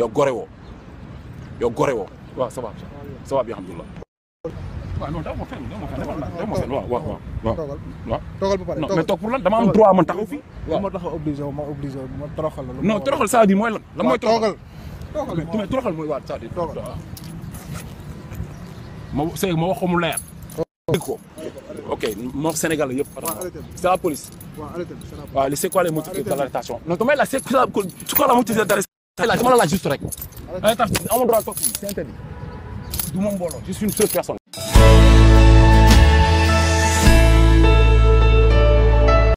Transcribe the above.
yow gore woo yow gore woo waaw ça va ça va bi alhamdulilah. waaw non daaw ma fenn daaw ma fenn waaw waaw waaw. toogal toogal ba pare non mais toog pour lan dama am droit man taxaw fii. waaw ma taxaw obligé wu ma obligé wu ma toroxal la. non toroxal ça veut dire mooy lan. waat ça ma sëñ ma wax mu leer. dégg Sénégal la yëpp. police. waaw arrêté waaw c'est de l'arrestation. non damay laaj c'est quoi la motif de l'arrestation. laaj dama la laaj juste rek. amul droit toog fii c'est interdit. du ma mbooloo je suis une seule personne.